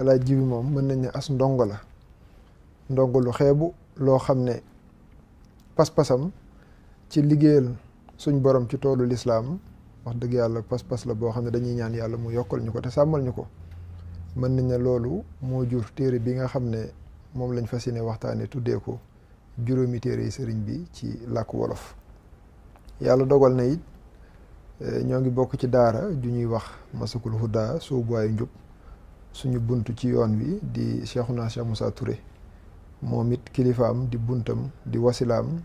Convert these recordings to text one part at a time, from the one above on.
alaaj jibi moom mën nañ ne as ndongo la ndongo lu xeebu loo xam ne pas-pasam ci liggéeyal suñ borom ci toolu lislaam wax dëgg yàlla pas-pas la boo xam ne dañuy ñaan yàlla mu yokkal ñu ko te sàmmal ñu ko mën nañ ne loolu moo jur téere bi nga xam ne moom lañ fas yéene waxtaane tuddee ko juróomi téere yi sëriñ bi ci làkk wolof yàlla dogal na it eh, ñoo ngi bokk ci daara ju ñuy wax masakul huda soobuwaayu njub suñu bunt ci yoon wi di Cheikhouna Cheikh Moussa Touré moom it kilifaam di buntam di wasilaam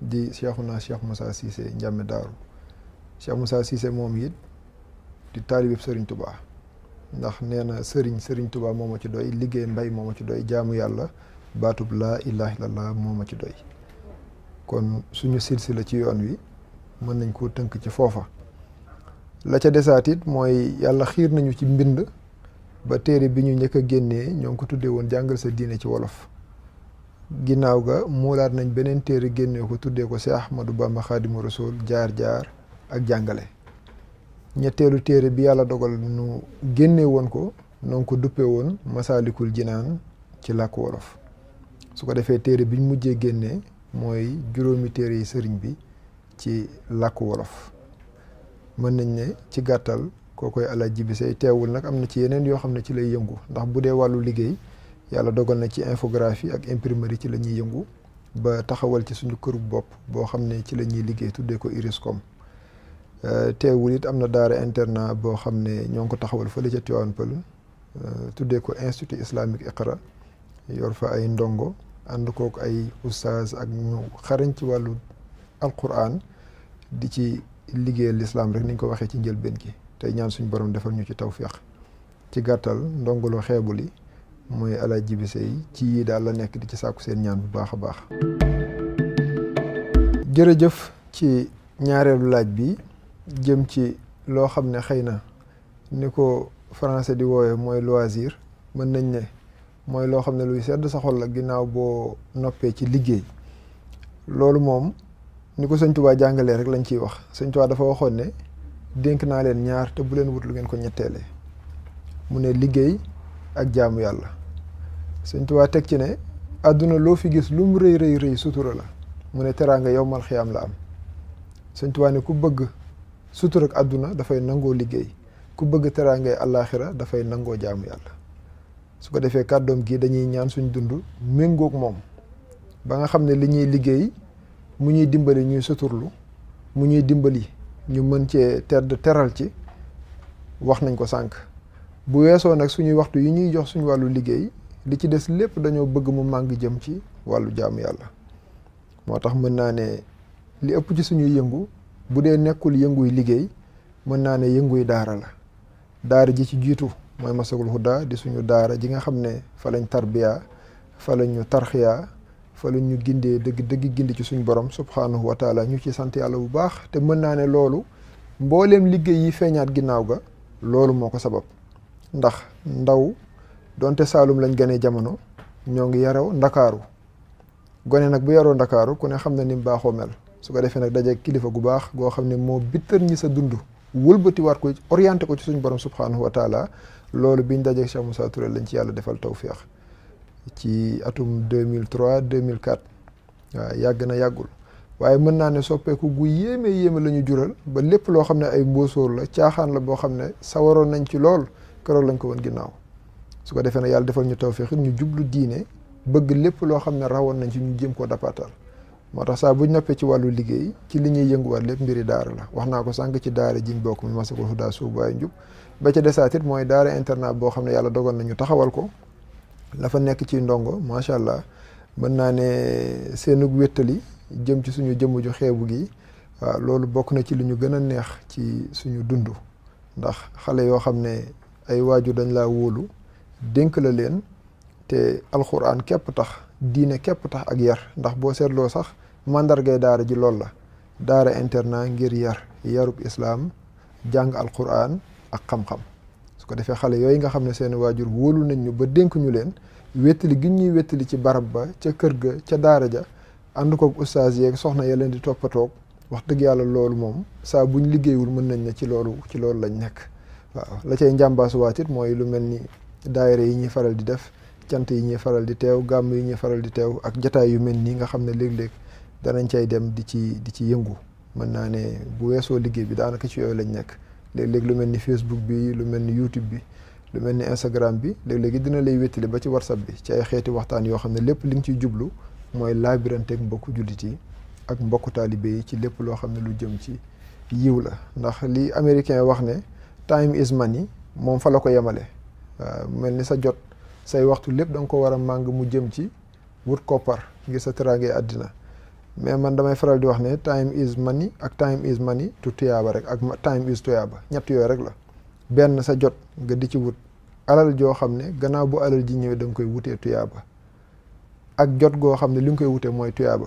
di Cheikhouna Cheikh Moussa Cissé Ndiamé Daaru Cheikh Moussa Cissé moom it di taalibib sëriñ tubaa ndax nee na Serigne Serigne Touba moo ci doy liggéey mbay moom ma ci doy jaamu yàlla baatub laa ilaha illallah moo ma ci doy kon suñu silsila ci yoon wi mën nañ koo tënk ci foofa la ca desaatit mooy yàlla xiir nañu ci mbind ba téere bi ñu njëkk génnee ñoo ngi ko tuddee woon jàngal sa diine ci wolof ginnaaw ga muulaat nañ beneen téere génnee ko tuddee ko Seex Ahmadu Bamba Xaadimu Rasuul jaar-jaar ak jàngale ñetteelu téere bi yàlla dogal nu génne woon ko noo ko duppe woon masaalikul jinaan ci làkk wolof su ko defee téere biñ mujjee génnee mooy juróomi téere yi sëriñ bi ci làkk wolof mën nañ ne ci gàttal kookoy Alaaji bi teewul nag am na ci yeneen yoo xam ne ci lay yëngu ndax bu dee wàllu liggéey yàlla dogal na ci infographie ak imprimerie ci la ñuy yëngu ba taxawal ci suñu këru bopp boo xam ne ci la ñuy liggéey tuddee ko Iriscom euh, teewul it am na daara internat boo xam ne ñoo ngi ko taxawal fële ca Tivaouane Peulh euh, tuddee ko institut islamique Iqra yor fa ay ndongo ànd kook ay oustaz ak ñu xarañ ci wàllu alquran di ci liggéeyal lislaam rek ni ñu ko waxee ci njëlbeen gi tey ñaan suñu borom defal ñu ci tawféex ci gàttal lu xeebu li mooy alaaj jibi sey ci yii daal la nekk di ci sàkku seen ñaan bu baax a baax jërëjëf ci ñaareelu laaj bi jëm ci loo xam ne xëy na ni ko français di wooye mooy loisir mën nañ ne mooy loo xam ne luy sedd sa xol la ginnaaw boo noppee ci liggéey loolu moom ni ko sëñ Tuubaa jàngalee rek lañ ciy wax sëñ Tuubaa dafa waxoon ne dénk naa leen ñaar te bu leen wut lu ngeen ko ñetteele mu ne liggéey ak jaamu yàlla Sëñ Tuubaa teg ci ne àdduna loo fi gis lu mu rëy rëy rëy sutura la mu ne teraanga yowmal xiyaam la am Sëñ Tuubaa ne ku bëgg sutura ak àdduna dafay nangoo liggéey ku bëgg teraangay àllaaxira dafay nangoo jaamu yàlla su ko defee kàddoom gi dañuy ñaan suñ dund méngoog moom ba nga xam ne li ñuy liggéey mu ñuy dimbali ñuy suturlu mu ñuy dimbali ñu mën cee ter teral ci wax nañ ko sànq bu weesoo nag suñuy waxtu yi ñuy jox suñu wàllu liggéey li ci des lépp dañoo bëgg mu màng jëm ci wàllu jaamu yàlla moo tax mën naa ne li ëpp ci suñuy yëngu bu dee nekkul yënguy liggéey mën naa ne yënguy daara la daar ji ci jiitu mooy masagul huda di suñu daara ji nga xam ne fa lañ tarbiya fa lañu tarxiya fa la ñu gindee dëgg dëgg gindi ci suñu borom subhaanahu wa ñu ci sant yàlla bu baax te mën naa ne loolu mbooleem liggéey yi feeñaat ginnaaw ga loolu moo ko sabab ndax ndaw donte Saalum lañ ganee jamono ñoo ngi yaroo ndakaaru gone nag bu yaroo ndakaaru ku ne xam na ni mu baaxoo mel su ko defee nag daje kilifa gu baax goo xam ne moo bittar ñi sa dund wëlbatiwaat ko orienté ko ci suñu borom subhaanahu wa taala loolu biñ dajeeg Cheikh Moussa Touré lañ ci yàlla defal tawféex ci atum 2003 2004 waaw yàgg na yàggul waaye mën naa ne soppeeku gu yéeme yéeme la ñu jural ba lépp loo xam ne ay mbóosóor la caaxaan la boo xam ne sawaroon nañ ci lool keroog lañ ko woon ginnaaw su ko defee ne yàlla defal ñu tawféexit ñu jublu diine bëgg lépp loo xam ne rawoon nañ ci ñu jéem koo dapaatal moo tax saa bu noppee ci wàllu liggéey ci li ñuy yënguwaat lépp mbiri daara la wax naa ko sànq ci daara jiñ bokk mi masakul hudaa suubu waaye njub ba ca desaatit mooy daara internat boo xam ne yàlla dogal nañu taxawal ko la nekk ci ndongo macha allah mën naa ne seenug wettali jëm ci suñu jëmm ju xeebu gi waaw loolu bokk na ci lu ñu gën a neex ci suñu dundu ndax xale yoo xam ne ay waajur dañ laa wóolu dénk la leen te alxuraan képp tax diine képp tax ak yar ndax boo seetloo sax màndargay daara ji loolu la daara internat ngir yar yarub islaam jàng alxuraan ak xam-xam su ko defee xale yooyu nga xam ne seeni waajur wóolu nañ ñu ba dénk ñu leen wéttali gi ñuy wéttali ci barab ba ca kër ga ca daara ja ànd koog ustaas yeeg soxna ya leen di toppatoog wax dëgg yàlla loolu moom saa buñ liggéeyul mën nañ ne ci loolu ci loolu lañ nekk waaw la cay njàmbaasuwaat it mooy lu mel ni daayira yi ñuy faral di def cant yi ñuy faral di teew gàmm yi ñuy faral di teew ak jataay yu mel nii nga xam ne léeg-léeg danañ cay dem di ci ci yëngu mën naa ne bu weesoo liggéey bi daanaka ci yooyu lañ nekk léeg-léeg lu mel ni Facebook bi lu mel ni YouTube bi lu mel ni Instagram bi léeg-léegi dina lay wéttali ba ci WhatsApp bi ci ay xeeti waxtaan yoo xam ne lépp li nga ciy jublu mooy laabiranteeg mbokku jullit yi ak mbokku taalibe yi ci lépp loo xam ne lu jëm ci yiw la ndax li américain wax ne time is money moom fa la ko yemale mel ni sa jot say waxtu lépp da nga ko war a màng mu jëm ci wut koppar ngir sa teraange àddina mais man damay faral di wax ne time is money ak time is money tu tuyaaba rek ak time is tuyaaba ñett yooyu rek la benn sa jot nga di ci wut alal joo xam ne gannaaw bu alal ji ñëwee da koy wutee tuyaaba ak jot goo xam ne li nga koy wutee mooy tuyaaba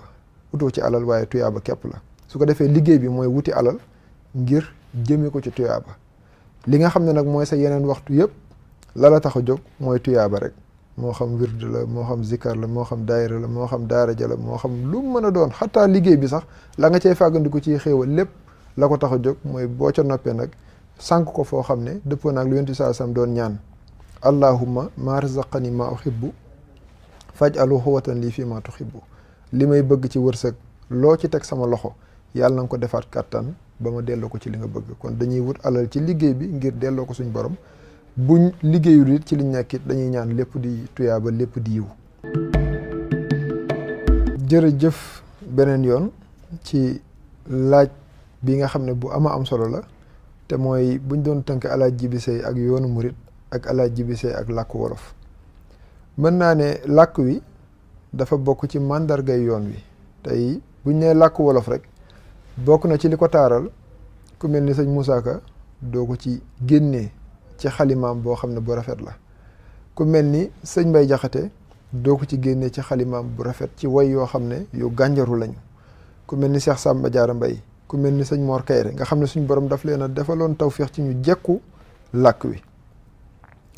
utoo ci alal waaye tuyaaba képp la su ko defee liggéey bi mooy wuti alal ngir jëmee ko ci tuyaaba li nga xam ne nag mooy sa yeneen waxtu yëpp lala tax a jóg mooy tuyaaba rek moo xam wird la moo xam zikar la moo xam daayira la moo xam daaraja la moo xam lu mën a doon xataa liggéey bi sax la nga cay fàggandiku ci xéewal lépp la ko tax a jóg mooy boo ca noppee nag sànq ko foo xam ne dëppoo naag lu yonti saa sam doon ñaan allahumma ma razaqani ma uhibbu faj alu xuwatan lii fii ma tuhibbu li may bëgg ci wërsëg loo ci teg sama loxo yàlla na nga ko defaat kàttan ba ma delloo ko ci li nga bëgg kon dañuy wut alal ci liggéey bi ngir delloo ko suñ borom buñ liggéeyul it ci liñ nekk dañuy ñaan lépp di tuyaaba lépp di yiw jërëjëf beneen yoon ci laaj bi nga xam ne bu ama am solo la te mooy buñ doon tënk alaaj jibi ak yoonu murit ak alaaj jibi ak làkk wolof mën naa ne làkk wi dafa bokk ci màndargay yoon wi tey buñ ne làkk wolof rek bokk na ci li ko taaral ku mel ni sëñ Moussa Ka doo ko ci génnee ci xalimaam boo xam ne bu rafet la ku mel ni sëñ Mbay Jaxate doo ko ci génnee ci xalimaam bu rafet ci way yoo xam ne yu gànjaru lañu ku mel ni Cheikh Samba Diarra Mbay ku mel ni sëñ Mor Kayre nga xam ne suñ borom daf leen a defaloon tawféex ci ñu jekku làkk wi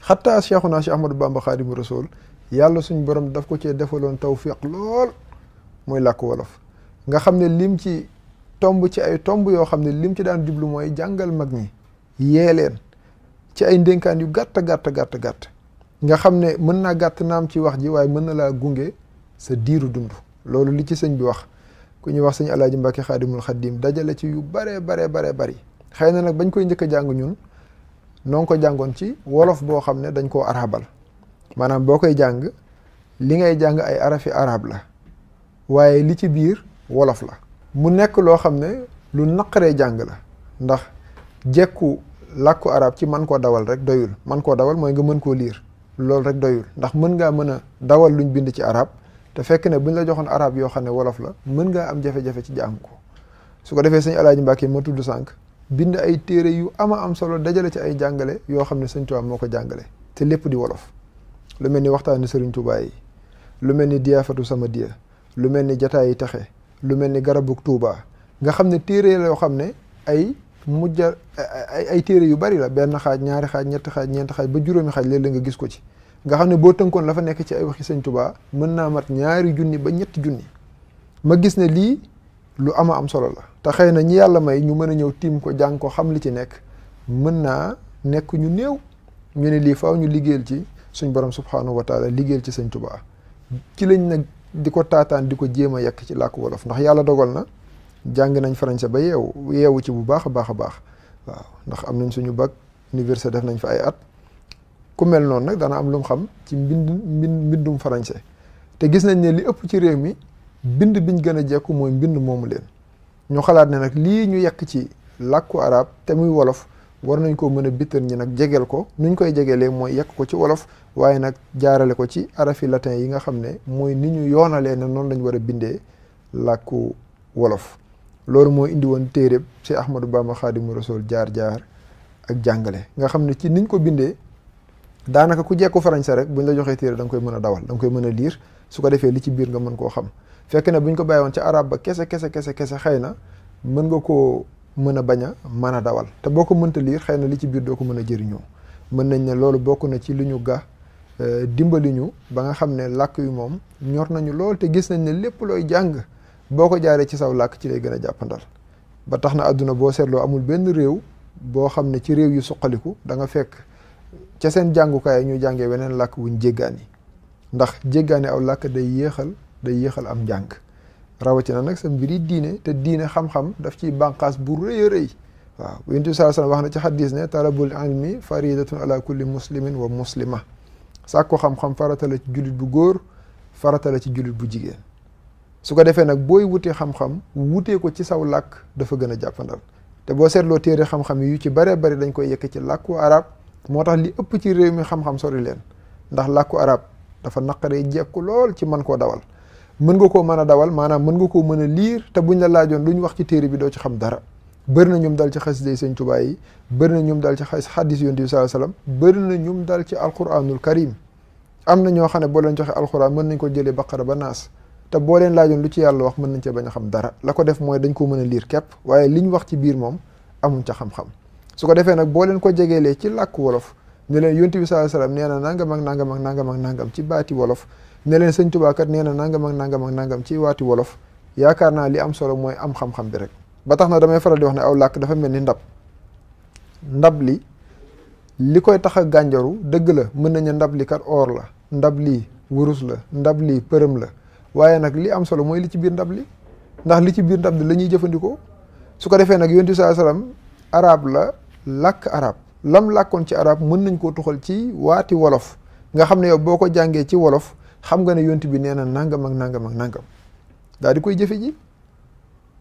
xataa Cheikhuna Cheikh Ahmadou Bamba Xaadimu Rasuul yàlla suñ borom daf ko cee defaloon tawféex lool mooy làkk wolof nga xam ne lim ci tomb ci ay tomb yoo xam ne lim ci daan jublu mooy jàngal mag ñi yee leen ci ay ndénkaan yu gàtt gàtt gàtt gàtt nga xam ne mën naa gàtt naam ci wax ji waaye mën na laa gunge sa diiru dund loolu li ci sëñ bi wax ku ñuy wax sëñ Alaaji Mbàkke Xaadimul Xaddiim dajale ci yu baree baree baree bari xëy na nag bañ koy njëkk jàng ñun noo ko jàngoon ci wolof boo xam ne dañ koo arabal maanaam boo koy jàng li ngay jàng ay arafi arab la waaye li ci biir wolof la mu nekk loo xam ne lu naqaree jàng la ndax jekku làkku arab ci man koo dawal rek doyul man koo dawal mooy nga mën koo liir loolu rek doyul ndax mën ngaa mën a dawal luñ bind ci arab te fekk ne buñ la joxoon arab yoo xam ne wolof la mën ngaa am jafe-jafe ci jàng ko su ko defee sëñ Alaaji Mbàkke ma tudd sànq bind ay téere yu ama am solo dajale ci ay jàngale yoo xam ne sëñ Tuubaa moo ko jàngale te lépp di wolof lu mel ni waxtaani sëriñ Tuubaa yi lu mel ni diyaafatu sama diya lu mel ni jataayi taxe lu mel ni garabug Tuubaa nga xam ne téere la yoo xam ne ay mujj ay ay téere yu bari la benn xaaj ñaari xaaj ñetti xaaj ñeenti xaaj ba juróomi xaaj leen léeg nga gis ko ci nga xam ne boo tënkoon la fa nekk ci ay waxi sëñ tubaa mën naa mat ñaari junni ba ñetti junni ma gis ne lii lu ama am solo la te xëy na ñi yàlla may ñu mën a ñëw tiim ko jàng xam li ci nekk mën naa nekk ñu néew ñu ne lii faaw ñu liggéeyal ci suñ borom subhaanahu wa taala liggéeyal ci sëñ tubaa ci lañ nag di ko taataan di ko jéem a yekk ci làkku wolof ndax yàlla dogal na jàng nañ français ba yeew yeewu ci bu baax a baax a baax waaw ndax am nañ suñu bag université def nañ fa ay at ku mel noonu nag dana am lu xam ci mbind mbindum français te gis nañ ne li ëpp ci réew mi bind biñ gën a jekku mooy mbind moomu leen ñu xalaat ne nag lii ñu yekk ci làkku arab te muy wolof war nañ ko mën a bittan ñi nag jegeel ko nuñ koy jegeelee mooy yekk ko ci wolof waaye nag jaarale ko ci arafi latin yi nga xam ne mooy ni ñu yoonalee ne noonu lañ war a bindee làkku wolof loolu moo indi woon téereb si Ahmadou Bamba Xaadimu Rasuul jaar-jaar ak jàngale nga xam ne ci niñ ko bindee daanaka ku jekku farañsa rek buñ la joxee téere da nga koy mën a dawal da nga koy mën a liir su ko defee li ci biir nga mën koo xam fekk na buñ ko bàyyi woon ca arab ba kese kese kese kese xëy na mën nga koo mën a bañ a mën a dawal te boo ko mënta liir xëy na li ci biir doo ko mën a jëriñoo mën nañ ne loolu bokk na ci li ñu ga euh, dimbali ñu ba nga xam ne làkk yu moom ñor nañu lool te gis nañ ne lépp looy jàng boo ko jaaree ci saw làkk ci lay gën a jàppandal ba tax na àdduna boo seetloo amul benn réew boo xam ne ci réew yu suqaliku da nga fekk ca seen jàngukaay ñu jàngee weneen làkk wuñ jéggaani ndax jéggaani aw làkk day yéexal day yéexal am njàng rawatina nag sa mbiri diine te diine xam-xam daf ciy bànqaas bu rëy a rëy waaw yonent bi sallallahu wax na ci xadis ne talabul ilmi faridatun ala kulli muslimin wa muslima sàkku xam-xam farata la ci jullit bu góor farata ci jullit bu jigéen su ko defee nag booy wutee xam-xam wutee ko ci saw làkk dafa gën a jàppandal te boo seetloo téere xam-xam yu ci baree bari dañ koy yekk ci làkku arab moo tax li ëpp ci réew mi xam-xam sori leen ndax làkku arab dafa naqaree jekku lool ci mën koo dawal mën nga koo mën a dawal maanaam mën nga koo mën a liir te buñ la laajoon lu ñu wax ci téere bi doo ci xam dara bëri na ñum dal ci xasida yi sëñ Tuubaa yi bëri na ñum dal ci xaddis yonent bi sallallahu alayhi bëri na ñum dal ci alquranul karim am na ñoo xam ne boo leen joxe alquran mën nañ ko jëlee baqara ba naas te bo leen laajoon lu ci yalla wax mën nañ ci bañ xam dara la ko def moy dañ ko mën lire kep waye liñ wax ci biir mom amuñ ci xam-xam su ko defé nak bo leen ko jegeelee ci lak wolof ne leen yoonte bi sallallahu alayhi wasallam neena nangam ak nangam ak nangam ak nangam ci baati wolof ne leen seigne touba kat neena nangam ak nangam ak nangam ci waati wolof yaakaar li am solo moy am xam-xam bi rek ba taxna damay faral di wax ne aw lak dafa melni ndab ndab li likoy koy tax a gànjaru dëgg la meun nañ ndab li kat or la ndab li wurus la ndab li peureum la waaye nag li am solo mooy li ci biir ndab li ndax li ci biir ndab li la ñuy jëfandikoo su ko defee nag yonent bi saa arab la làkk arab lam làkkoon ci arab mën nañ koo tuxal ci waati wolof nga xam ne yow boo ko jàngee ci wolof xam nga ne yonent bi nee na nangam ak nangam ak nangam daal di koy jëfe ji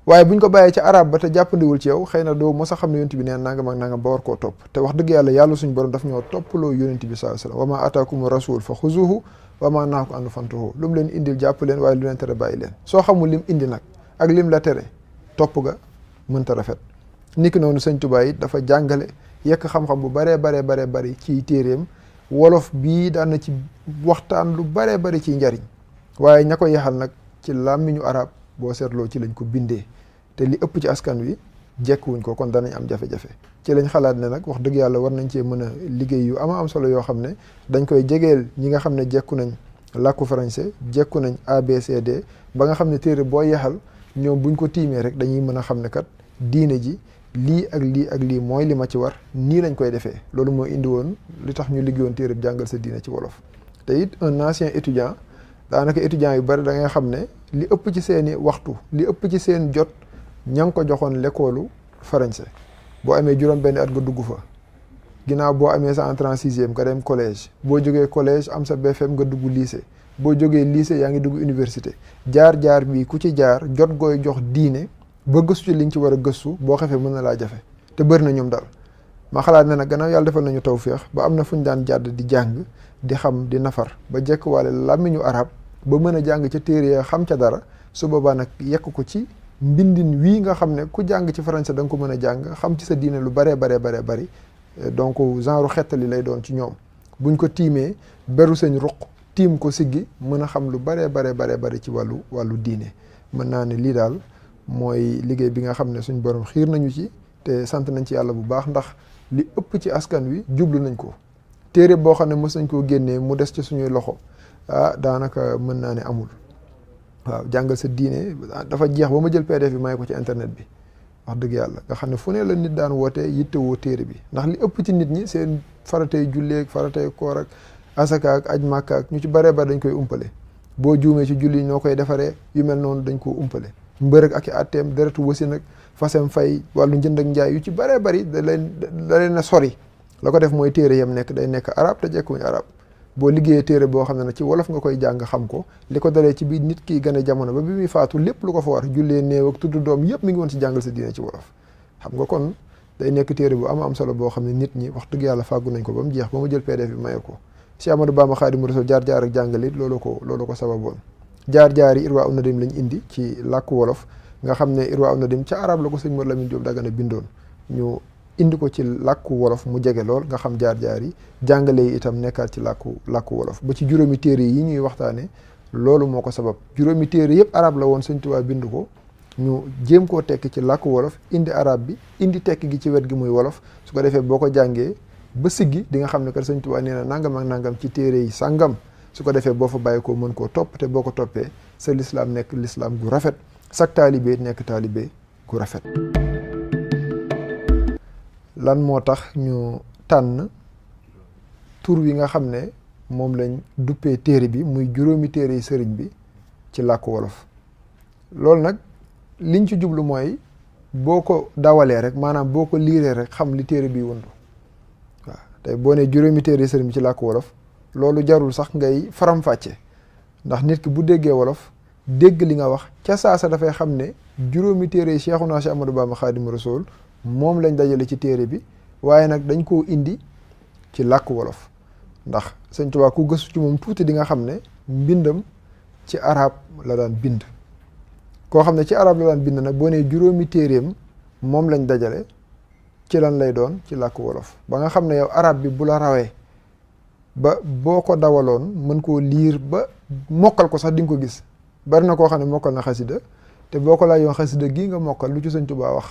waaye buñ ko bàyyee ci arab ba te jàppandiwul ci yow xëy na doo mos a xam ne yonent bi nee na nangam ak nangam ba war koo topp te wax dëgg yàlla yàlla suñu borom daf ñoo toppaloo yonent bi saa salaam wa ma ataakum rasul fa xuzuhu wamaa naa ko ànd fantuhu lu mu leen indil jàpp leen waaye lu leen tere bàyyi leen soo xamul lim indi nag ak lim la tere topp ga mënta rafet niki noonu sëñ Tuubaa dafa jàngale yekk xam-xam bu baree baree baree bari ci téeréem wolof bii daan ci waxtaan lu baree bari ci njariñ waaye ña ko yaxal nag ci làmmiñu arab boo seetloo ci lañ ko bindee te li ëpp ci askan wi jekk wuñ ko kon danañ am jafe-jafe ci lañ xalaat ne nag wax dëgg yàlla war nañ cee mën a liggéey yu ama am solo yoo xam ne dañ koy jegeel ñi nga xam ne jekku nañ làkku français jekku nañ ABCD ba nga xam ne téere boo yaxal ñoom buñ ko tiimee rek dañuy mën a xam ne kat diine ji lii ak lii ak lii mooy li ma ci war nii lañ koy defee loolu mooy indi woon li tax ñu liggéeyoon téere bi jàngal sa diine ci wolof te it un ancien étudiant daanaka étudiant yu bari da nga xam ne li ëpp ci seeni waxtu li ëpp ci seen jot ña ngi ko joxoon lekkoolu français boo amee juróom benn at nga dugg fa ginnaaw boo amee sa entrée en sixième nga dem collège boo jógee collège am sa BFM nga dugg lycée boo jógee lycée yaa ngi dugg université jaar-jaar bi ku ci jaar jot gooy jox diine ba gëstu ci liñ ci war a gëstu boo xefee mën na laa jafe te bëri na ñoom daal ma xalaat ne nag gannaaw yàlla defal nañu tawféex ba am na fuñ daan jàdd di jàng di xam di nafar ba jekk waale làmmiñu arab ba mën a jàng ca téere ya xam ca dara su boobaa nag yekk ko ci mbindin wii nga xam ne ku jàng ci français da nga ko mën a jàng xam ci sa diine lu baree baree baree bari eh, donc genre xettali lay doon ci ñoom buñ ko tiimee beru seen ruq tiim ko siggi mën a xam lu baree baree baree bari ci wàllu wàllu diine mën naa ne lii daal mooy liggéey bi nga xam ne suñ borom xiir nañu ci te sant nañ ci yàlla bu baax ndax li ëpp ci askan wi jublu nañ ko téere boo xam ne mës nañ koo génnee mu des ci suñuy loxo ah daanaka mën naa ne amul waaw jàngal sa diine dafa jeex ba ma jël PDF bi may ko ci internet bi wax dëgg yàlla nga xam ne fu ne la nit daan woote yittewoo téere bi ndax li ëpp ci nit ñi seen faratay julleeg faratay koor ak asaka ak aj màkka ak ñu ci baree bare dañ koy umpale boo juumee ci julli noo koy defaree yu mel noonu dañ koo umpale mbërëg ak i atteem deretu wasin ak fasem fay wàllu njënd ak njaay yu ci baree bari da leen da leen a sori la ko def mooy téere yam nekk day nekk arab te jekkuñu arab boo liggéeyee téere boo xam ne nag ci wolof nga koy jàng xam ko li ko dalee ci biir nit kii gane jamono ba bi muy faatu lépp lu ko fa war jullee néew ak tudd doom yëpp mi ngi woon ci jàngal sa diine ci wolof xam nga kon day nekk téere bu am am solo boo xam ne nit ñi wax dëgg yàlla fàggu nañ ko ba mu jeex ba mu jël pdf bi maye ko Cheikh Amadou Bamba Khadimu Rasul jaar-jaar ak jàngalit loolu ko loolu ko sababoon jaar-jaar yi irwaa un nadim lañ indi ci làkku wolof nga xam ne irwaa un nadim ca arab la ko sëñ Mor Lamine Diop Dagana bindoon ñu indi ko ci lakku wolof mu jégué lol nga xam jaar-jaar yi jàngale yi itam nekkaat ci lakku lakku wolof ba ci juromi téré yi ñuy waxtaane lolou moko sabab juromi téré yépp arab la won Sëñ Tuubaa bindu ko ñu jëm ko tek ci lakku wolof indi arab bi indi tek gi ci wet gi muy wolof su ko défé boko ko ba siggi di nga xam ne kat Sëñ Tuubaa nee nangam ak nangam ci téré yi sangam su ko défé bo fa bàyyi mën ko top te boko topé sa l'islam nek l'islam gu rafet sak talibé nek talibé gu rafet lan moo tax ñu tànn tur wi nga xam ne moom lañ duppee téere bi muy juróomi téere yi sëriñ bi ci làkku wolof loolu nag liñ ci jublu mooy boo ko dawalee rek maanaam boo ko liiree rek xam li téere bi wundu waaw tey boo nee juróomi yi sëriñ ci làkku wolof loolu jarul sax ngay faram-fàcce ndax nit ki bu déggee wolof dégg li nga wax ca sa dafay xam ne juróomi téere yi Seexuna Seex Ahmadu Bamba Xaadimu Rasuul moom lañ dajale ci téere bi waaye nag dañ koo indi ci làkk wolof ndax sëñ Tuubaa ku gëstu ci moom tuuti di nga xam ne mbindam ci arab la daan bind koo xam ne ci arab la daan bind nag boo nee juróomi téeréem moom lañ dajale ci lan lay doon ci làkk wolof ba nga xam ne yow arab bi bu la ba boo ko dawaloon mën koo liir ba mokkal ko sax di nga ko gis bari na koo xam mokkal na xasida te boo ko laajoon xasida gii nga mokkal lu ci sëñ wax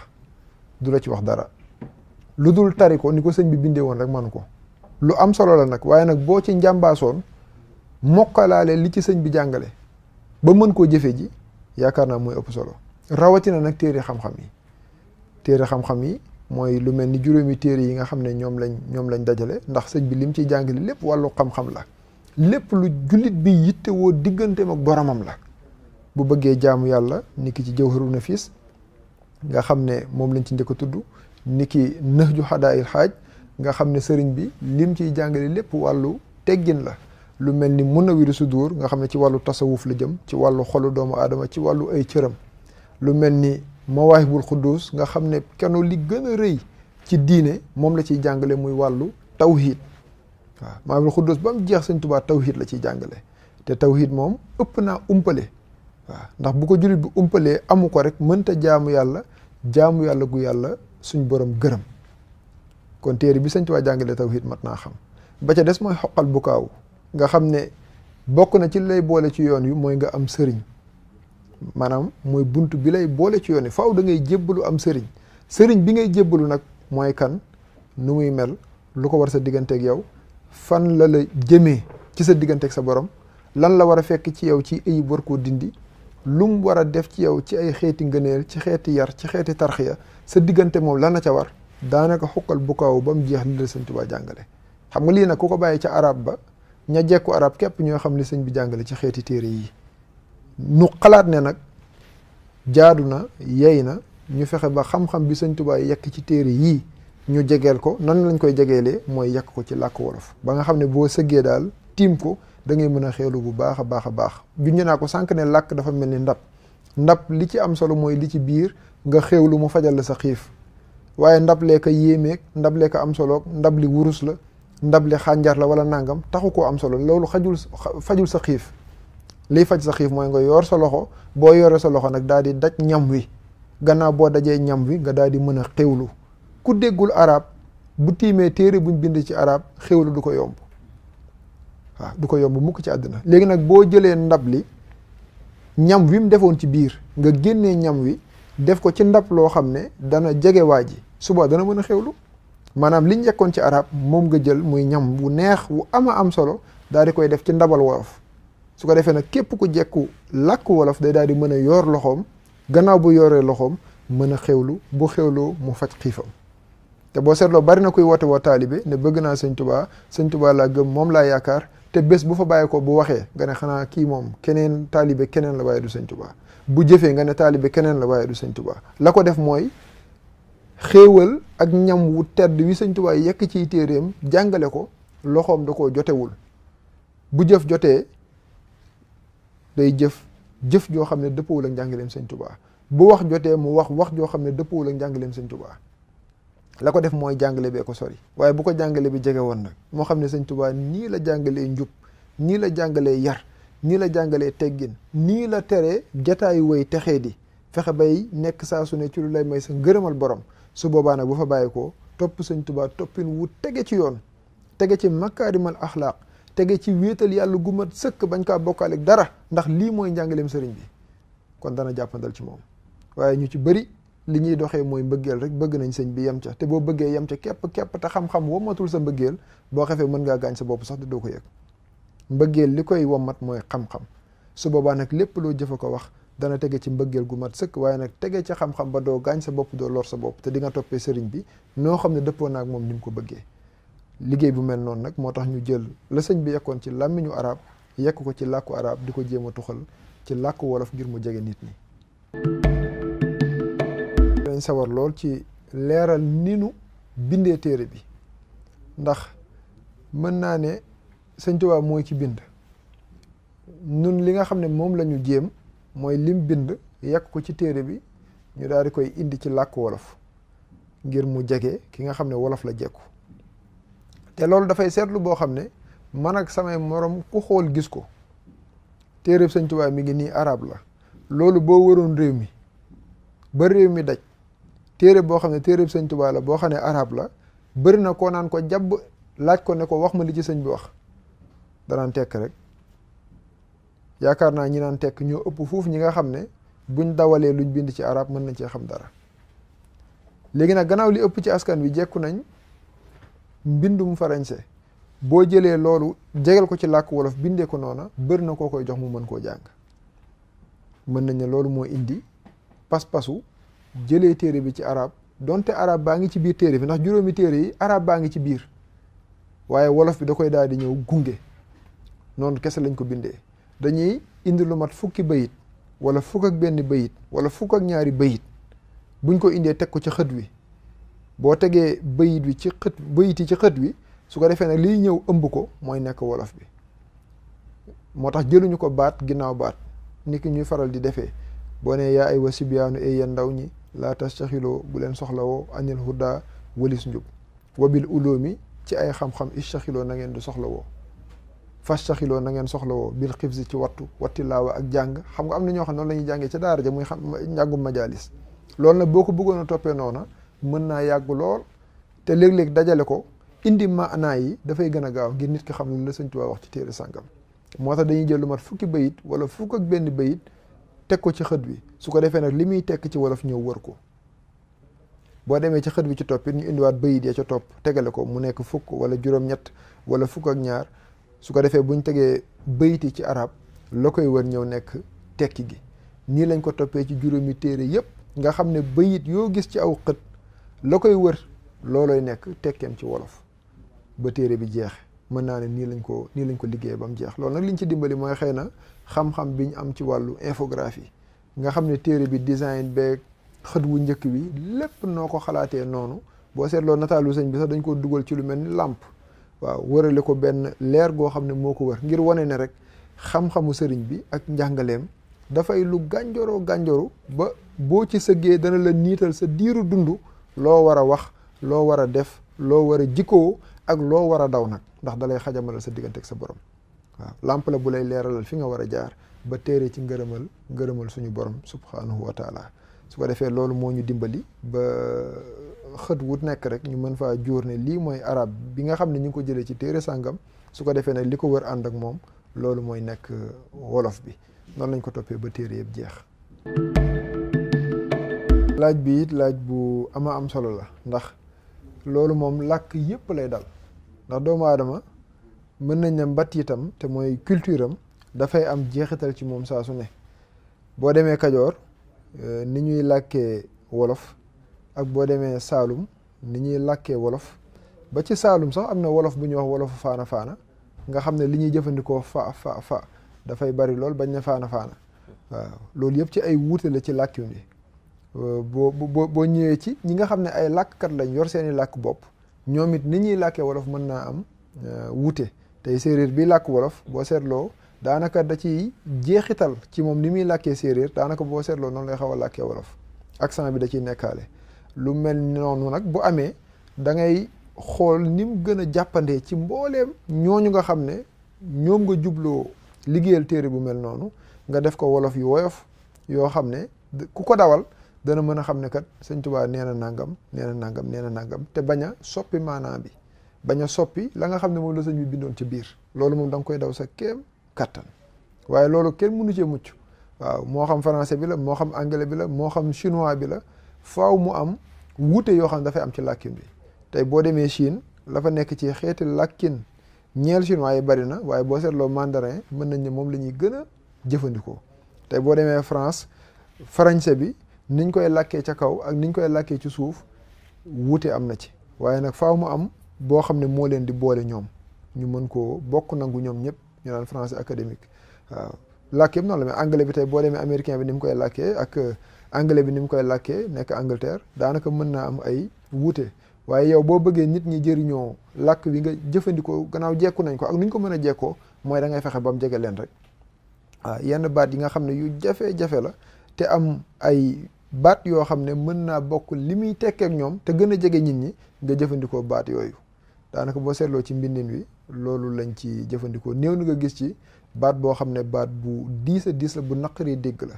du la ci wax dara lu dul tari ko ni ko sëñ bi bindee woon rek manu ko lu am solo la nag waaye nag boo ci njàmbaasoon mokkalaale li ci sëñ bi jàngale ba mën koo jëfe ji yaakaar naa mooy ëpp solo rawatina nag téere xam-xam yi téere xam-xam yi mooy lu mel ni juróomi téere yi nga xam ne ñoom lañ ñoom lañ dajale ndax sëñ bi lim ciy jàngale lépp wàllu xam-xam la lépp lu jullit bi yittewoo digganteem ak boromam la bu bëggee jaamu yàlla ki ci jawharu nafis nga xam ne moom lañ ci njëkk a tudd ni ki nëx ju xadaayil xaaj nga xam ne sëriñ bi lim ciy jàngale lépp wàllu teggin la lu mel ni mun na wiru sudur nga xam ne ci wàllu tasawuf la jëm ci wàllu xolu doomu aadama ci wàllu ay cëram lu mel ni mawaahibul xuddus nga xam ne kenn li gën a rëy ci diine moom la ciy jàngale muy wàllu tawhid waaw mawaahibul xuddus ba jeex sëñ Tuubaa tawhid la ciy jàngale te tawhid moom ëpp naa umpale ndax bu ko jullit bi umpalee amu ko rek mënta jaamu yàlla jaamu yàlla gu yàlla suñ borom gërëm kon téere bi sañ ci waa taw tawhid mat naa xam ba ca des mooy xoqal bu kaaw nga xam ne bokk na ci lay boole ci yoon wi mooy nga am sëriñ maanaam mooy bunt bi lay boole ci yoon wi faaw da ngay jébbalu am sëriñ sëriñ bi ngay jébbalu nag mooy kan nu muy mel lu ko war sa digganteeg yow fan la la jëmee ci sa digganteeg sa borom lan la war a fekk ci yow ci ayib war dindi lu mu war a def ci yow ci ay xeeti ngëneel ci xeeti yar ci xeeti ya sa diggante moom lan na ca war daanaka xukkal bu kaw ba mu jeex li la sëñ Tuubaa jàngale xam nga lii nag ku ko bàyyi ca arab ba ña jekku araab képp ñoo xam li sëñ bi jàngale ci xeeti téere yi nu xalaat ne nag jaadu na yey na ñu fexe ba xam-xam bi sëñ Tuubaa yekk ci téere yii ñu jegeel ko nan lañ koy jegeele mooy yekk ko ci làkk wolof ba nga xam ne boo sëggee daal tiim ko da ngay mën a xeelu bu baax a baax a baax junj naa ko sànq ne làkk dafa mel ni ndab ndab li ci am solo mooy li ci biir nga xeewlu mu fajal la sa xiif waaye ndab lee ka yéemeeg ndab lee am solo ndab li wurus la ndab li xànjar la wala nangam taxu ko am solo loolu xajul fajul sa xiif liy faj sa xiif mooy nga yor sa loxo boo yoree sa loxo nag daal di daj ñam wi gannaaw boo dajee ñam wi nga daal di mën a xewlu ku déggul arab bu tiimee téere buñ bind ci arab xewlu du ko yomb waaw du ko yomb mukk ci àddina léegi nag boo jëlee ndab li ñam wi mu defoon ci biir nga génnee ñam wi def ko ci ndab loo xam ne dana jege waa ji suba dana mën a xewlu maanaam liñ yekkoon ci arab moom nga jël muy ñam wu neex wu ama am solo daal di koy def ci ndabal wolof su ko defee nag képp ku jekku làkk wolof day daal di mën a yoor loxoom gannaaw bu yooree loxoom mën a xewlu bu xewloo mu faj xiifam te boo seetloo bari na kuy woote woo taalibe ne bëgg naa sëñ tubaa sëñ tubaa laa gëm moom laa yaakaar te bés bu fa bàyyi ko bu waxee nga ne xanaa kii moom keneen taalibe keneen la waaye du sëñ Tuubaa bu jëfee nga ne taalibe keneen la waaye du sëñ Tuubaa la ko def mooy xéewal ak ñam wu tedd wi sëñ Tuubaa yekk ciy téeréem jàngale ko loxoom da koo jotewul bu jëf jotee day jëf jëf joo xam ne dëppawul ak njàngaleem sëñ Tuubaa bu wax jotee mu wax wax joo xam ne dëppawul ak njàngaleem sëñ Tuubaa la ko def mooy jàngale bee ko sori waaye bu ko jàngale bi jege woon nag moo xam ne sëñ Tuubaa nii la jàngalee njub nii la jàngalee yar nii la jàngalee teggin nii la teree jataayu woy texee di fexe bay nekk saa su ne ci lu lay may sa ngërëmal borom su boobaa nag bu fa bàyyi ko topp sëñ Tuubaa toppin wu tege ci yoon tege ci makaarimal axlaaq tege ci wéetal yàlla gu mat sëkk bañ kaa bokkaaleeg dara ndax lii mooy njàngaleem sëriñ bi kon dana jàppandal ci moom li ñuy doxee mooy mbëggeel rek bëgg nañ sëñ bi yem ca te boo bëggee yem ca képp képp te xam-xam wommatul sa mbëggeel boo xefee mën ngaa gaañ sa bopp sax te doo ko yëg mbëggeel li koy wommat mooy xam-xam su boobaa nag lépp loo jëfe ko wax dana tege ci mbëggeel gu mat sëkk waaye nag tege ca xam-xam ba doo gaañ sa bopp doo lor sa bopp te di nga toppee sëriñ bi noo xam ne dëppoo naag moom ni mu ko bëggee liggéey bu mel noonu nag moo tax ñu jël la sëñ bi yekkoon ci làmmiñu arab yekk ko ci làkku arab di ko jéem a tuxal ci làkku wolof ngir mu jege nit ñi danañ sawar lool ci leeral ni nu bindee téere bi ndax mën naa ne sëñ Tuubaa mooy ki bind nun li nga xam ne moom lañu jéem mooy lim bind yàq ko ci téere bi ñu daal di koy indi ci làkk wolof ngir mu jege ki nga xam ne wolof la jekku te loolu dafay seetlu boo xam ne man ak samay morom ku xool gis ko téere bi sëñ Tuubaa mi ngi nii arab la loolu boo waroon réew mi ba réew mi daj téere boo xam ne téere sëñ Tuubaa la boo xam ne arab la bëri na koo naan ko jàbb laaj ko ne ko wax ma li ci sëñ bi wax danaan tekk rek yaakaar naa ñi naan tekk ñoo ëpp foofu ñi nga xam ne buñ dawalee luñ bind ci arab mën nañ cee xam dara léegi nag gannaaw li ëpp ci askan wi jekku nañ mbindum farañse boo jëlee loolu jegal ko ci làkk wolof bindee ko noona bëri na koo koy jox mu mën koo jàng mën nañ ne loolu moo indi pas-pasu jëlee téere bi ci arab donte arab baa ngi ci biir téere bi ndax juróomi téere yi arab baa ngi ci biir waaye wolof bi da koy daal di ñëw gunge noonu kese lañ ko bindee dañuy indi lu mat fukki bayit wala fukk ak benn bayit wala fukk ak ñaari bayit buñ ko indee teg ko ci xët wi boo tegee bayit wi ci xët bayit yi ci xët wi su ko defee nag liy ñëw ëmb ko mooy nekk wolof bi moo tax jëluñu ko baat ginnaaw baat ni ki ñuy faral di defee boo nee yaa ay wa ndaw ñi laa tastaxiloo bu leen soxlawoo anil huda walis njub wabil uloomi ci ay xam-xam istaxiloo na ngeen di soxlawoo fastaxiloo na ngeen soxlawoo bil xifsi ci wattu watti laawa ak jàng xam nga am na ñoo xam noonu la ñuy jàngee ca daa ja muy xam njàngum majaalis lool nag boo ko bëggoon a toppee noona mën naa yàggu lool te léeg-léeg dajale ko indi maanaa yi dafay gën a gaaw ngir nit ki xam lu la Sëñ Tuubaa wax ci téere sàngam moo tax dañuy jël lu mat fukki bayit wala fukk ak benn bayit teg ko ci xët wi su ko defee nag li muy tekk ci wolof ñëw wër ko boo demee ci xët wi ci topp ñu indiwaat bayit ya ca topp tegale ko mu nekk fukk wala juróom-ñett wala fukk ak ñaar su ko defee bu ñu tegee bayit yi ci arab la koy wër ñëw nekk tekki gi nii lañ ko toppee ci juróomi téere yépp nga xam ne bayit yoo gis ci aw xët la koy wër loolooy nekk tekkeem ci wolof ba téere bi jeex mën naa ne nii lañ ko nii lañ ko liggéeyee ba mu jeex loolu nag liñ ci dimbali mooy xëy na xam-xam bi ñu am ci wàllu infographie nga xam ne téere bi design beeg xët wu njëkk bi lépp noo ko xalaatee noonu boo seetloo nataalu sëñ bi sax dañ koo dugal ci lu mel ni làmp waaw wërale ko benn leer goo xam ne moo ko wër ngir wane ne rek xam-xamu sëriñ bi ak njàngaleem dafay lu gànjoroo gànjoru ba boo ci sëggee dana la niital sa diiru dund loo war a wax loo war a def loo war a jikkoo ak loo war a daw nag ndax dalay xajamalal sa diggante ak sa borom waaw làmp la bu lay leeralal fi nga war a jaar ba téere ci ngërëmal ngërëmal suñu borom subhaanahu wa taala su ko defee loolu moo ñu dimbali ba xët wut nekk rek ñu mën faa jóor ne lii mooy arab bi nga xam ne ñu ngi ko jëlee ci téere sàngam su ko defee nag li ko wër ànd ak moom loolu mooy nekk wolof bi noonu lañ ko toppee ba téere yëpp jeex laaj bi it laaj bu ama am solo la ndax loolu moom làkk yépp lay dal ndax doomu aadama mën nañ ne mbatt itam te mooy culture am dafay am jeexital ci moom saa su ne boo demee Kajoor euh, ni ñuy làkkee wolof ak boo demee Saalum ni ñuy làkkee wolof ba ci Saalum sax am na wolof bu ñuy wax wolofu faana faana nga xam ne li ñuy jëfandikoo fa fa fa dafay bari lool bañ na faana faana waaw loolu yëpp ci ay wuute la ci làkkin yi euh, boo boo boo ñëwee ci ñi nga xam ne ay làkkat lañ yor seeni làkk bopp ñoom it ni ñuy làkkee wolof mën naa am euh, wute tey séeréer bi làkk wolof boo seetloo daanaka da ciy jeexital ci moom ni muy làkkee séeréer daanaka boo seetloo noonu lay xaw a làkkee wolof ak accent bi da ciy nekkaale lu mel noonu nag bu amee da ngay xool ni mu gën a jàppandee ci mbooleem ñooñu nga xam ne ñoom nga jubloo liggéeyal téere bu mel noonu nga def ko wolof yi woyof yoo xam ne ku ko dawal dana mën a xam ne kat sëñ Tuubaa nee na nangam nee nangam nee na nangam te bañ a soppi maanaam bi bañ a soppi la nga xam ne moom la sëñ bindoon ci biir loolu moom danga koy daw sa kéem kattan waaye loolu kenn mënu cee mucc waaw moo xam français bi la moo xam anglais bi la moo xam chinois bi la faaw mu am wuute yoo xam ne dafay am ci làkkin bi tey boo demee Chine la fa nekk ci xeeti làkkin ñeel chinois yi bari na waaye boo seetloo mandarin mën nañ ne moom la ñuy gën a jëfandikoo tey boo demee France français bi niñ koy làkkee ca kaw ak niñ koy làkkee ci suuf wuute am na ci waaye nag faaw mu am boo xam ne moo leen di boole ñoom ñu mën koo bokk nangu ñoom ñëpp ñu naan français académique waaw làkk yëpp noonu la mais anglais bi tey boo demee américain bi ni mu koy làkkee ak euh, anglais bi ni mu koy làkkee nekk Angleterre daanaka mën naa am ay wuute waaye yow boo bëggee nit ñi jëriñoo làkk bi nga jëfandikoo gannaaw jekku nañ ko ak nu ñu ko mën a jekkoo mooy da ngay fexe ba mu jege leen rek waaw yenn baat yi nga xam ne yu jafe-jafe la te am ay baat yoo xam ne mën naa bokk li muy tekkeek ñoom te gën a jege nit ñi nga jëfandikoo baat yooyu daanaka boo seetloo ci mbindin wi loolu lañ ci jëfandikoo néew na nga gis ci baat boo xam ne baat bu diis a diis la bu naqari dégg la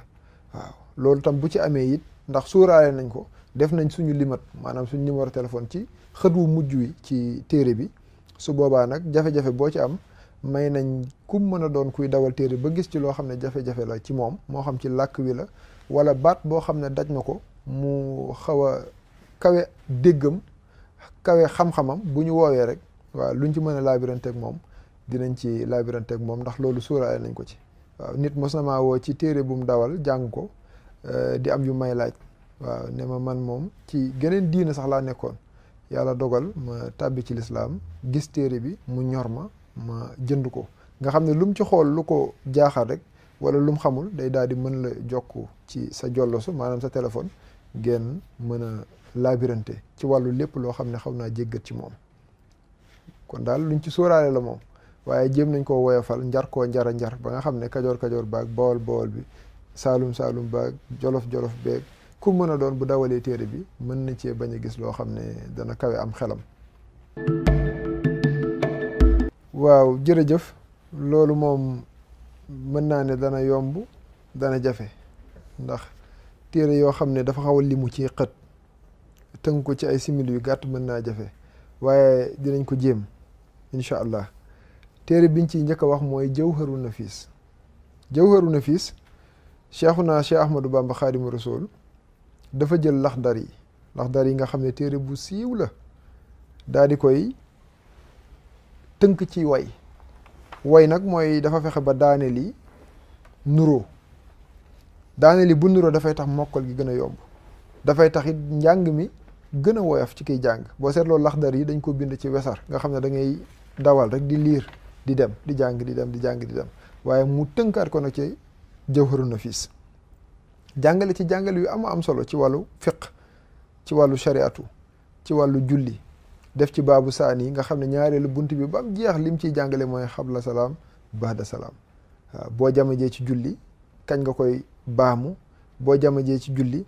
waaw loolu tam bu ci amee it ndax suuraale nañ ko def nañ suñu limat maanaam suñu numéro téléphone ci xët wu mujj wi ci téere bi su boobaa nag jafe-jafe boo ci am may nañ ku mën a doon kuy dawal téere ba gis ci loo xam ne jafe la ci moom moo xam ci làkk wi la wala baat boo xam ne daj na ko mu xaw a kawe déggam kawe xam-xamam bu ñu woowee rek waaw luñ ci mën a laabiranteeg moom dinañ ci laabiranteeg moom ndax loolu suuraale nañ ko ci waaw nit mos na maa woo ci téere bu mu dawal jàng ko euh, di am yu may laaj waaw ne ma man moom ci geneen diina sax laa nekkoon yàlla dogal ma tàbbi ci lislaam gis téere bi mu ñor ma ma jënd ko nga xam ne lu mu ci xool lu ko jaaxal rek wala lu mu xamul day daal di mën la jokku ci sa jollosu maanaam sa téléphone ngeen mën a labirante ci wàllu lépp loo xam ne xaw naa jéggat ci moom kon daal luñ ci sóoraale la moom waaye jéem nañ koo woyofal njar koo njara njar ba nga xam ne kajoor kajoor baag bawol bawol bi saalum saalum baag jolof jolof beeg ku mën a doon bu dawalee téere bi mën na cee bañ a gis loo xam ne dana kawe am xelam waaw jërëjëf loolu moom mën naa ne dana yomb dana jafe ndax téere yoo xam ne dafa xaw a limu ci xët tënk ko ci ay simili yu gàtt mën naa jafe waaye dinañ ko jéem incha allah téere biñ ciy njëkk a wax mooy jawharu nafis jawharu nafis cheikhuna cheikh ahmadou bamba xaadimu rasul dafa jël laxdar yi laxdar yi nga xam ne téere bu siiw la daal di koy tënk ci way way nag mooy dafa fexe ba daane li nuroo daane li bu nuroo dafay tax mokkal gi gën a yomb dafay tax it njàng mi gën a woyof ci kiy jàng boo seetloo laxdar yi dañ koo bind ci wesar nga xam ne dangay dawal rek di liir di dem di jàng di dem di jàng di dem waaye mu tënkaat ko nag ci jawharu nafis jàngale ci jàngale yu am am solo ci wàllu fiq ci wàllu shariatu ci wàllu julli def ci baabu saan yi nga xam ne ñaareelu bunt bi ba jeex lim ciy jàngale mooy xabla salaam baada salaam waaw boo jamajee ci julli kañ nga koy baamu boja je ci julli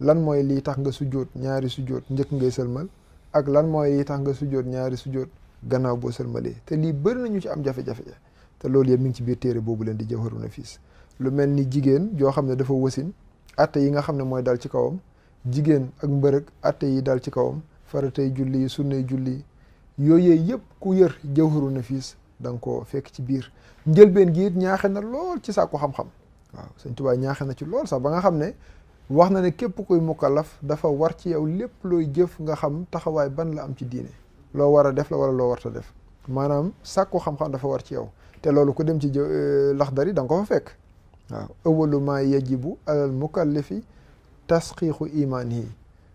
lan moy li tax nga sujjóot ñaari sujjóot njëkk ngay selmal ak lan moy li tax nga sujjóot ñaari sujjóot gannaaw bo selmalé té li bëri nañu ci am jafe-jafe ya. té loolu yëpp mi ngi ci biir téré bobu leen di na fiis lu melni ni jo xamne dafa wosin atté yi nga xamne moy dal ci kawam jigen ak mbeureuk atté yi dal ci kawam faratay julli yi julli yoyé yépp ku yër jawharu na fiis dang ko fekk ci biir njëlbeen gi it ñaaxé na lool ci ko xam-xam waaw sëñ Tuubaa ñaaxe na ci lool sax ba nga xam ne wax na ne képp kuy mukallaf dafa war ci yow lépp looy jëf nga xam taxawaay ban la am ci diine loo war a def la wala loo warta def maanaam sàkku xam-xam dafa war ci yow te loolu ko dem ci euh, laxdari da nga ko fa fekk waaw awwalu maa yajibu alal mukallifi tasxiixu imaanihi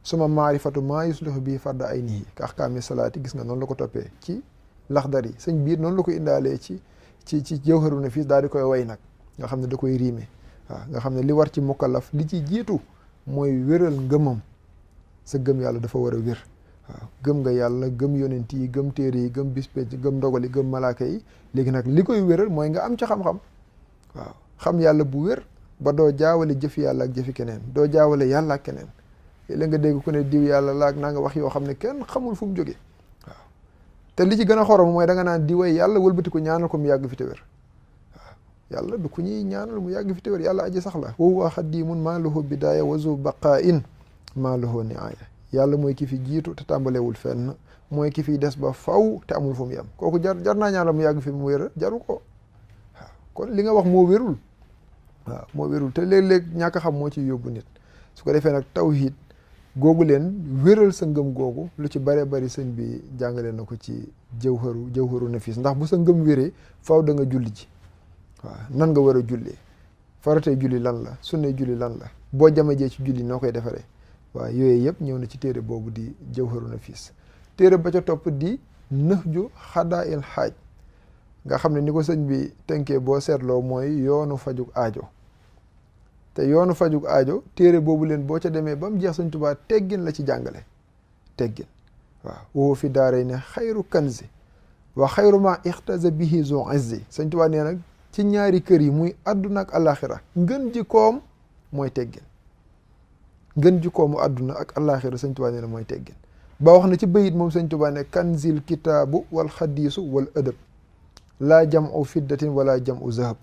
suma maarifatu maa yuslihu bii farda aynihi ka ahkaami salaati gis nga noonu la ko toppee ci laxdari sëñ biir noonu la ko indaalee ci ci ci jawharu nafiis daal di koy way nag nga xam ne da koy riime waaw nga xam ne li war ci mukallaf li ci jiitu mooy wéral ngëmam sa gëm yàlla dafa war a wér waaw gëm nga yàlla gëm yonent yi gëm téere yi gëm bispec gëm ndogal yi gëm malaaka yi léegi nag li koy wéral mooy nga am ci xam-xam waaw xam yàlla bu wér ba doo jaawale jëf yàlla ak jëfi keneen doo jaawale yàlla ak keneen la nga dégg ko ne diw yàlla laak naa nga wax yoo xam ne kenn xamul fu mu jógee waaw te li ci gën a xorom mooy da nga di way yàlla ko ñaanal ko mu yàgg fi te wér yàlla du ku ñuy ñaanal mu yàgg fi téwér yàlla aji sax la wa huwa xadimun maa lahu bidaaya wa zu baqaain maa lahu niaaya yàlla mooy ki fi jiitu te tàmbalewul fenn mooy ki fi des ba faw te amul fu mu yem kooku jar jar naa ñaanal mu yàgg fi mu wér jaru ko waaw kon li nga wax moo wérul waaw moo wérul te léeg-léeg ñàkk xam moo ci yóbbu nit su ko defee nag tawhid googu leen wéral sa ngëm googu lu ci bare bari sëñ bi jàngaleen na ko ci jawharu jawharu nafis ndax bu sa ngëm wéree da nga julli ji waaw nan nga war a jullee faratee julli lan la sunnee julli lan la boo jamajee ci julli noo koy defaree waa yooyu yëpp ñëw na ci téere boobu di jawharu nafis téere ba ca topp di nëx ju xadaa il xaaj nga xam ne ni ko sëñ bi tënkee boo seetloo mooy yoonu fajug aajo te yoonu fajug aajo téere boobu leen boo ca demee ba mu jeex sëñ Tuubaa teggin la ci jàngale teggin waaw woo fi daaray ne xayru kanzi wa xayru ma ixtaza bihi sëñ Tuubaa nee nag ci ñaari kër yi muy àdduna ak alaxira ngën ji koom mooy teggin ngën ji koomu àdduna ak alaxira sëñ Tuubaa na mooy teggin ba wax na ci bayit moom sëñ Tuubaa ne kanzil kitaabu wal xadiisu wal ëdëb laa jamu fiddatin wala jamu zahab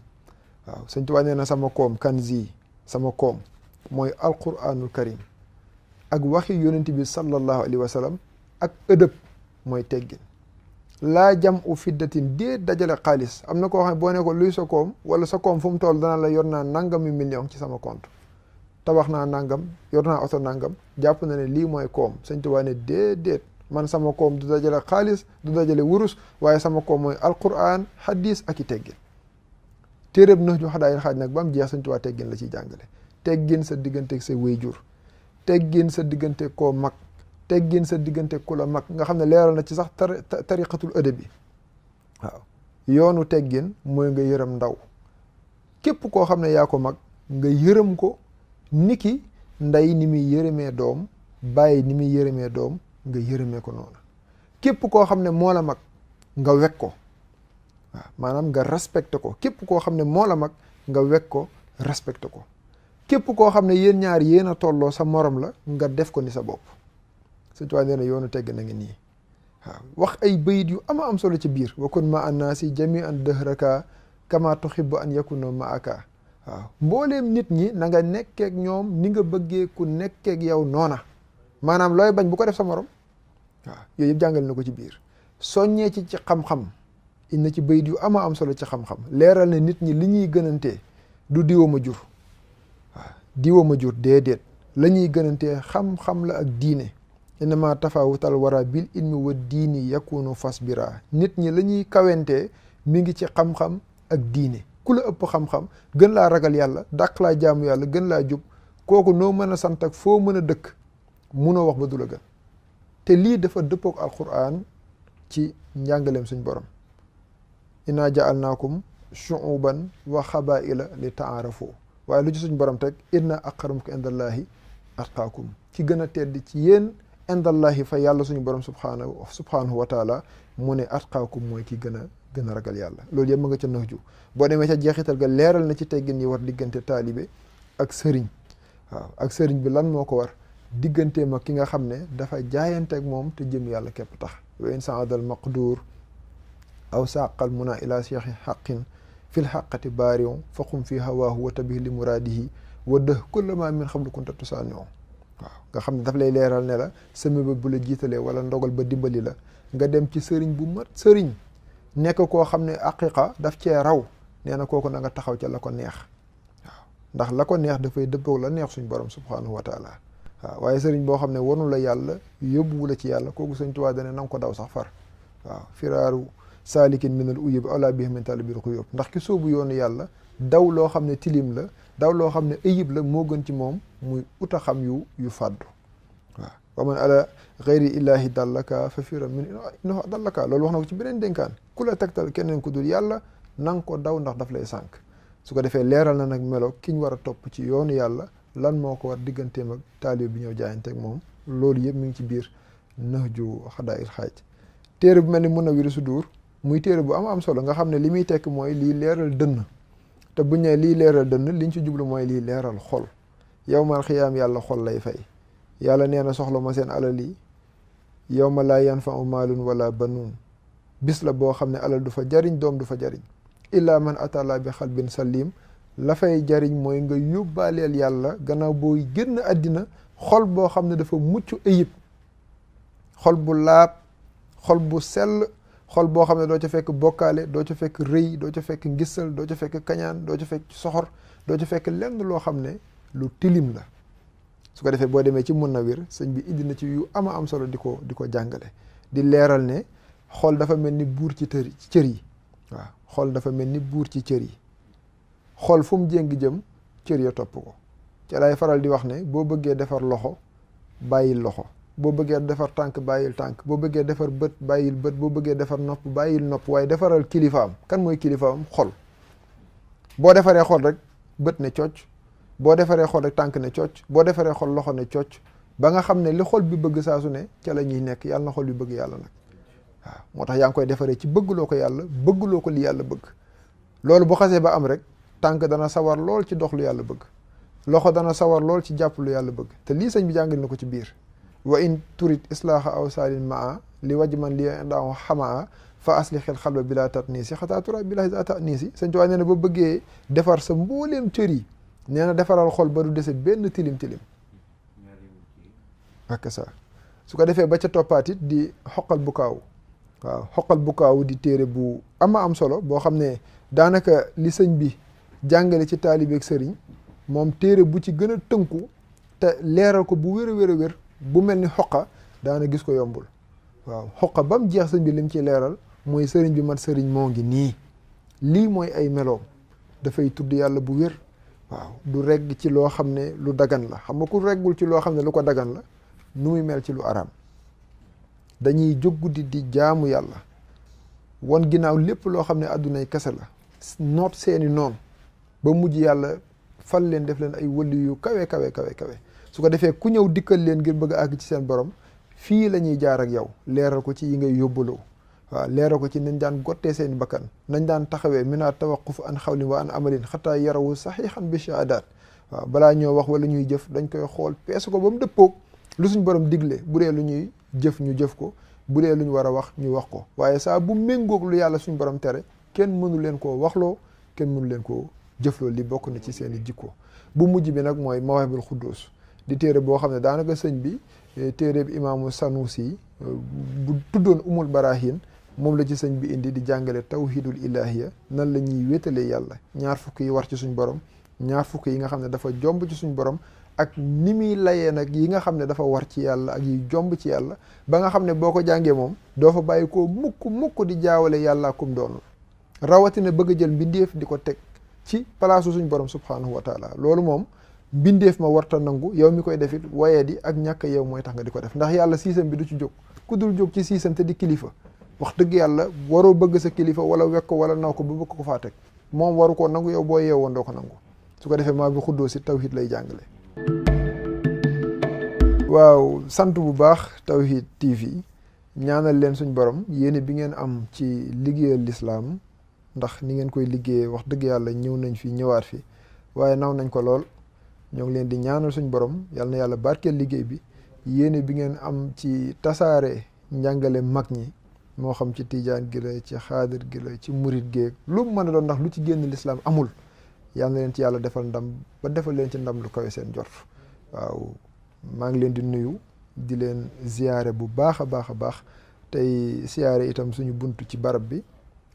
waaw sëñ Tuubaa na sama koom kanzi sama koom mooy alquranul karim ak waxi yonent bi sallallahu alayhi wa ak ëdëb mooy teggin laa jam u fiddatin dee dajale xaalis am na koo xam ne ko luy sa koom wala sa koom fu mu toll dana la yor naa nangami million ci sama compte tabax naa nangam yor na oto nangam jàpp na ne lii mooy koom sëñ Tuubaa ne déedéet man sama koom du dajale xaalis du dajale wurus waaye sama koom mooy alquran hadis ak i teggin téeréb na ju xadaayil xaaj nag ba mu jeex sëñ Tuubaa teggin la ciy jàngale teggin sa diggante sa wéyjur teggin sa diggante koom mag teggin sa diggante ku la mag nga xam ne leeral na ci sax tariqatul ëdëb bi waaw yoonu teggin mooy nga yërëm ndaw képp koo xam ne yaa ko mag nga yërëm ko ni ki ndey ni muy yërëmee doom bàyyi ni muy yërëmee doom nga yërëmee ko noonu képp koo xam ne moo la mag nga wekk ko waaw maanaam nga respecté ko képp koo xam ne moo la mag nga wekk ko respecté ko képp koo xam ne yéen ñaar yéen a tolloo sa morom la nga def ko ni sa bopp Sëñ Tuubaa nee na yoonu tegg na ngi nii waaw wax ay bayit yu ama am solo ci biir wa kon ma annaasi jami an dëhraka kama tuxibu an yakuna maaka waaw mbooleem nit ñi nanga nga nekkeek ñoom ni nga bëggeeku ku nekkeek yow noona maanaam looy bañ bu ko def sa morom waaw yooyu yëpp jàngal na ko ci biir soññee ci ci xam-xam in na ci bayit yu ama am solo ci xam-xam leeral na nit ñi li ñuy gënantee du diwa ma jur waaw diwa ma jur déedéet la ñuy gënantee xam la ak diine innama tafawutal wara bil ilmi wa diini yakunu fasbira nit ñi lañuy ñuy kawentee mi ngi ci xam-xam ak diine ku la ëpp xam-xam gën laa ragal yàlla dàq laa jaamu yàlla gën laa jub kooku noo mën a sant ak foo mën a dëkk munoo wax ba du la gën te lii dafa dëppook alquran ci njàngaleem suñ borom inna ja'alnaakum shu'uban wa xabaila li ta'aarafu waaye lu ci suñ borom teg inna aqramakum indallahi atqaakum ki gën a tedd ci yéen indallahi fa yàlla suñu borom subhaanahu subhaanahu wa taala mu ne atqaakum mooy ki gën gën a ragal yàlla loolu yëpp nga ca nax ju boo demee ca jeexital ga leeral na ci teggin yi war diggante taalibe ak sëriñ waaw ak sëriñ bi lan moo ko war diggante mag ki nga xam ne dafa jaayanteeg moom te jëm yàlla képp tax wa in saadal maqduur aw saqal muna ila cheikhi xaqin fil xaqati baarion fa qum fi hawaahu wa tabih li muraadihi wa dëh kulla ma min xablu kunta tusaanion waaw nga xam ne daf lay leeral ne la semi ba bu la jiitalee wala ndogal ba dimbali la nga dem ci sëriñ bu mat sëriñ nekk koo xam ne aqiqa daf cee raw nee na kooku na nga taxaw ca la ko neex waaw ndax la neex dafay dëppoog la neex suñ borom subhaanahu wa waaye sëriñ boo xam ne wanu la yàlla yóbbuwu la ci yàlla kooku sëñ Tuubaa dane na nga ko daw sax far waaw firaaru saalikin minal uyub awlaa bihi min ko xuyub ndax ki soobu yoonu yàlla daw loo xam ne tilim la daw loo xam ne ayib la moo gën ci moom muy ut a xam yu yu fàddu waaw wa man ala xayri illaahi dallaka fa firan min innahu dallaka loolu wax na ko ci beneen dénkaan ku la tegtal keneen ku dul yàlla na ko daw ndax daf lay sànq su ko defee leeral na nag melo ki ñu war a topp ci yoonu yàlla lan moo ko war digganteem ak taalib bi ñëw jaayanteeg moom loolu yëpp mu ngi ci biir Nahju Hadaa'il Haaj téere bu mel ni Munawwirus Suduur muy téere bu am am solo nga xam ne li muy tekk mooy lii leeral dënn te bu ñu lii leeral dënn liñ ci jublu mooy lii leeral xol yowmal xiyaam yàlla xol lay fay yàlla nee soxla moo seen alal yi yowma laa yanfau maalun wala banuun bis la boo xam ne alal du fa jariñ doom du fa jariñ illaa man atala bi xalbin salim la fay jariñ mooy nga yóbbaaleel yàlla gannaaw booy génn àddina xol boo xam ne dafa mucc ayib xol bu laab xol bu sell xol boo xam ne doo ca fekk bokkaale doo ca fekk rëy doo ca fekk ngisal doo ca fekk kañaan doo ca fekk soxor doo ca fekk lenn loo xam ne lu tilim la su ko defee boo demee ci na wér sëñ bi indi na ci yu ama am solo di ko di ko jàngale di leeral ne xol dafa mel ni buur ci tër ci cër yi waaw xol dafa mel ni buur ci cër yi xol fu mu jéng jëm cër ya topp ko ci lay faral di wax ne boo bëggee defar loxo bàyyil loxo boo bëggee defar tànk bàyyil tànk boo bëggee defar bët bàyyil bët boo bëggee defar nopp bàyyil nopp waaye defaral kilifaam kan mooy kilifaam xol boo defaree xol rek bët ne cocc boo defaree xol rek tànk ne cocc boo defaree xol loxo ne cocc ba nga xam ne li xol bi bëgg saa su ne ca la ñuy nekk yàlla na xol yu bëgg yàlla nag waaw moo tax yaa ngi koy defaree ci bëgguloo ko yàlla bëgguloo ko li yàlla bëgg loolu bu xasee ba am rek tànk dana sawar lool ci dox lu yàlla bëgg loxo dana sawar lool ci jàpp yàlla bëgg te lii sëñ bi jàngal na ko ci biir wa in turid aw salin maa li wajman li daaw hamaa fa aslih al khalb bila tatniisi khata tura bila laa tatniisi sëñ Tuubaa bo beugé defar sa mbolem teuri neena nee defaral xol ba du dese ben tilim tilim ak sa su ko ba ca topati di hokal bu kaaw waaw xoqal di téré bu ama am solo bo xamné danaka li señ bi jangale ci ak sëriñ mom téré bu ci gëna teunku te ko bu wër wër wër bu mel ni xoqa daana gis ko yombul waaw xoqa ba jeex sëñ bi lim ci leeral mooy sëriñ bi man sëriñ moo ngi nii lii mooy ay meloom dafay tudd yàlla bu wér waaw du regg ci loo xam ne lu dagan la xam nga ku reggul ci loo xam ne lu ko daggan la nu muy mel ci lu araam dañuy jóg guddi di jaamu yàlla wan ginnaaw lépp loo xam ne àddunay kese la noot seeni noon ba mujj yàlla fal leen def leen ay wëlli yu kawe kawe kawe kawe su ko defee ku ñëw dikkal leen ngir bëgg a àgg ci seen borom fii la ñuy jaar ak yow leeral ko ci yi ngay yóbbaloo waaw leeral ko ci nañ daan gottee seen bakkan nañ daan taxawee minaa tawaquf an xawlin wa an amalin xataa yarawu saxiixan bi shahaadaat waaw balaa ñoo wax wala ñuy jëf dañ koy xool peese ko ba mu lu suñ borom digle bu dee lu ñuy jëf ñu jëf ko bu dee lu ñu war a wax ñu wax ko waaye saa bu méngoog yàlla suñ borom tere kenn mënu leen koo waxloo kenn mënu leen koo jëf loolu li bokk na ci seen i jikko bu mujj bi nag mooy mawahibul xuddus di téere boo xam ne daanaka sëñ bi eh, téere bi imaamu sanusi eh, bu tuddoon umul barahin moom la ci sëñ bi indi di jàngale tawhidul ilahiya nan la ñuy wéetalee yàlla ñaar fukk yi war ci suñ borom ñaar fukk yi nga xam ne dafa jomb ci suñu borom ak ni muy layee nag yi nga xam ne dafa war ci yàlla ak yi jomb ci yàlla ba nga xam ne boo ko jàngee moom doo fa bàyyi koo mukk mukk di jaawale yàlla ko teg ci palaasu suñ borom subhaanahu wa taala loolu moom mbindeef ma warta nangu yow mi koy defit waye di ak ñàkk yow mooy tax nga di ko def ndax yàlla siisam bi du ci jóg ku dul jóg ci siisam te di kilifa wax dëgg yàlla waroo bëgg sa kilifa wala wekk wala naw ko ba bëgg ko faa teg moom waru koo nangu yow boo yeewoon doo ko nangu su ko defee maa bi xuddoo si tawhid lay jàngale waaw sant bu baax Tawhid TV ñaanal leen suñ borom yéene bi ngeen am ci liggéeyal lislaam ndax ni ngeen koy liggéey wax dëgg yàlla ñëw nañ fi ñëwaat fi waaye naw nañ ko lool ñu ngi leen di ñaanal suñ borom yàlla na yàlla barkeel liggéey bi yéene bi ngeen am ci tasaare njàngale mag ñi moo xam ci tijaan gi la ci xaadir gi la ci murit géeg lu mu mën a doon ndax lu ci génn lislaam amul yàlla na leen ci yàlla defal ndam ba defal leen ci ndam lu kawe seen jot waaw maa ngi leen di nuyu di leen ziare bu baax a baax a baax tey siyaare itam suñu buntu ci barab bi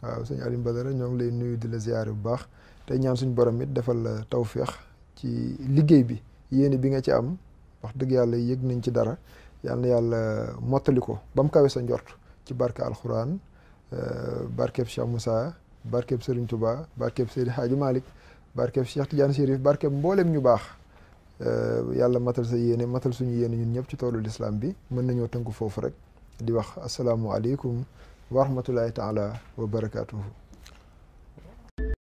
waaw sëñ Alioune Badara ñoo ngi lay nuyu di la ziyaare bu baax te ñaan suñu borom it defal la tawféex ci liggéey bi yéene bi nga ci am wax dëgg yàlla yëg nañ ci dara yal yàlla mottali ko ba mu kawe sa njort ci barke alxuraan euh, barkeb Cheikh Moussa barkeb Serigne Touba barkeb Seydi Hadji Malick barkeb Cheikh Tidiane Chérif barkeb mboolem ñu baax euh, yàlla matal sa yéene matal suñu yéene ñun ñëpp ci toolu lislaam bi mën nañoo tënk foofu rek di wax asalaamualeykum ورحمة الله تعالى وبركاته